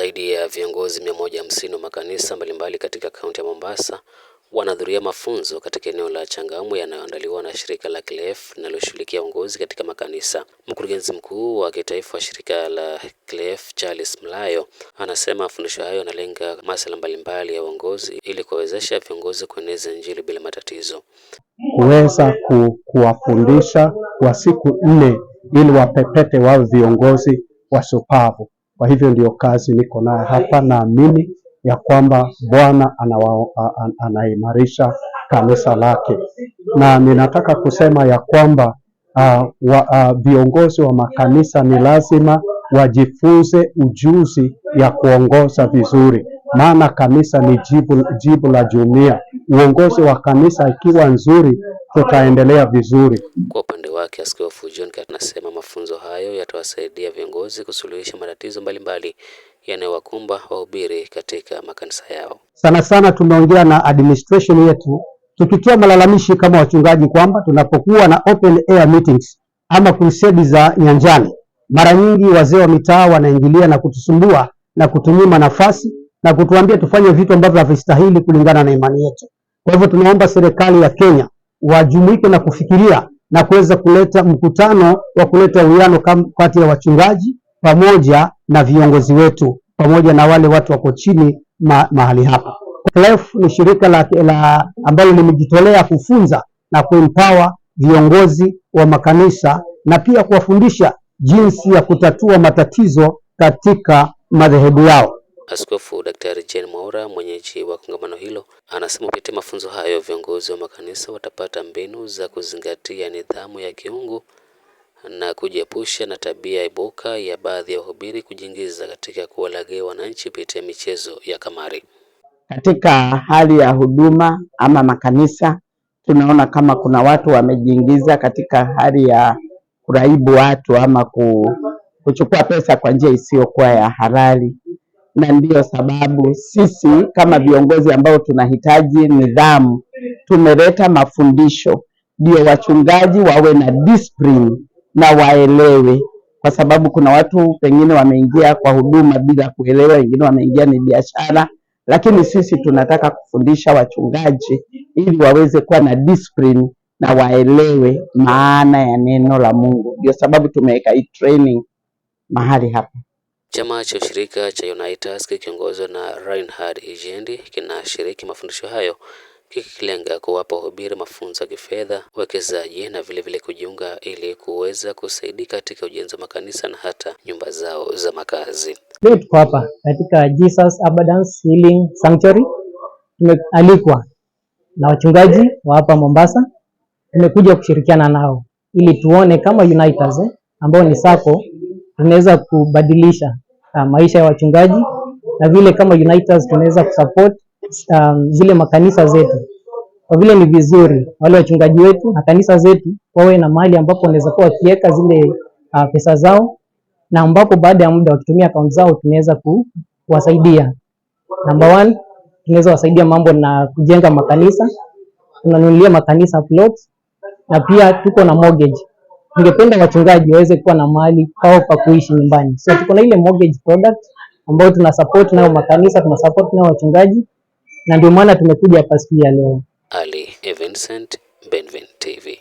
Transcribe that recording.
Zaidi ya viongozi moja hamsini wa makanisa mbalimbali katika kaunti ya Mombasa wanahudhuria mafunzo katika eneo la Changamwe yanayoandaliwa na shirika la CLEF linaloshughulikia uongozi katika makanisa. Mkurugenzi mkuu wa kitaifa wa shirika la CLEF Charles Mlayo anasema mafundisho hayo yanalenga masuala mbalimbali ya uongozi ili kuwawezesha viongozi kueneza Injili bila matatizo, kuweza ku, kuwafundisha kwa siku nne ili wapepete wao viongozi wasupavu. Kwa hivyo ndiyo kazi niko nayo hapa. Naamini ya kwamba Bwana anaimarisha kanisa lake, na ninataka kusema ya kwamba viongozi uh, wa, uh, wa makanisa ni lazima wajifunze ujuzi ya kuongoza vizuri, maana kanisa ni jibu, jibu la jumuiya uongozi wa kanisa ikiwa nzuri, tutaendelea vizuri. Kwa upande wake, Askofu John Kat anasema mafunzo hayo yatawasaidia viongozi kusuluhisha matatizo mbalimbali yanayowakumba wahubiri katika makanisa yao. Sana sana tumeongea na administration yetu tukitoa malalamishi kama wachungaji kwamba tunapokuwa na open air meetings ama crusade za nyanjani, mara nyingi wazee wa mitaa wanaingilia na kutusumbua na kutunyima nafasi na kutuambia tufanye vitu ambavyo havistahili kulingana na imani yetu. Kwa hivyo tunaomba serikali ya Kenya wajumuike na kufikiria na kuweza kuleta mkutano wa kuleta uwiano kati ya wachungaji pamoja na viongozi wetu pamoja na wale watu wako chini ma, mahali hapa. CLEF ni shirika la, la ambalo limejitolea kufunza na kuempower viongozi wa makanisa na pia kuwafundisha jinsi ya kutatua matatizo katika madhehebu yao. Askofu Daktari Jane Mwaura, mwenyeji wa kongamano hilo, anasema kupitia mafunzo hayo viongozi wa makanisa watapata mbinu za kuzingatia nidhamu ya kiungu na kujiepusha na tabia ibuka ya baadhi ya wahubiri kujiingiza katika kuwalaghai wananchi kupitia michezo ya kamari. Katika hali ya huduma ama makanisa, tunaona kama kuna watu wamejiingiza katika hali ya kuraibu watu ama kuchukua pesa kwa njia isiyokuwa ya halali na ndiyo sababu sisi kama viongozi ambao tunahitaji nidhamu, tumeleta mafundisho ndio wachungaji wawe na discipline na waelewe, kwa sababu kuna watu pengine wameingia kwa huduma bila kuelewa, wengine wameingia ni biashara, lakini sisi tunataka kufundisha wachungaji ili waweze kuwa na discipline na waelewe maana ya neno la Mungu. Ndio sababu tumeweka hii training mahali hapa. Chama cha ushirika cha Unitas kikiongozwa na Reinhard Ijendi kinashiriki mafundisho hayo kikilenga kuwapa wahubiri mafunzo ya kifedha, uwekezaji na vile vile kujiunga ili kuweza kusaidia katika ujenzi wa makanisa na hata nyumba zao za makazi. Leo tuko hapa katika Jesus Abundance Healing Sanctuary. Tumealikwa na wachungaji wa hapa Mombasa, tumekuja kushirikiana nao ili tuone kama Unitas eh, ambao ni sako tunaweza kubadilisha uh, maisha ya wachungaji na vile kama Unitas tunaweza kusupport um, zile makanisa zetu kwa vile ni vizuri wale wachungaji wetu na kanisa zetu wawe na mahali ambapo wanaweza kuwa wakiweka zile uh, pesa zao na ambapo baada ya muda wakitumia akaunti zao tunaweza kuwasaidia. Number one, tunaweza wasaidia mambo na kujenga makanisa, tunanunulia makanisa plots, na pia tuko na mortgage Ningependa wachungaji waweze kuwa na mali pao pa kuishi nyumbani. So tuko na ile mortgage product ambayo tuna support nayo makanisa, tuna support nayo wachungaji, na ndio maana tumekuja hapa siku ya leo. Ali Evincent, Benvin TV.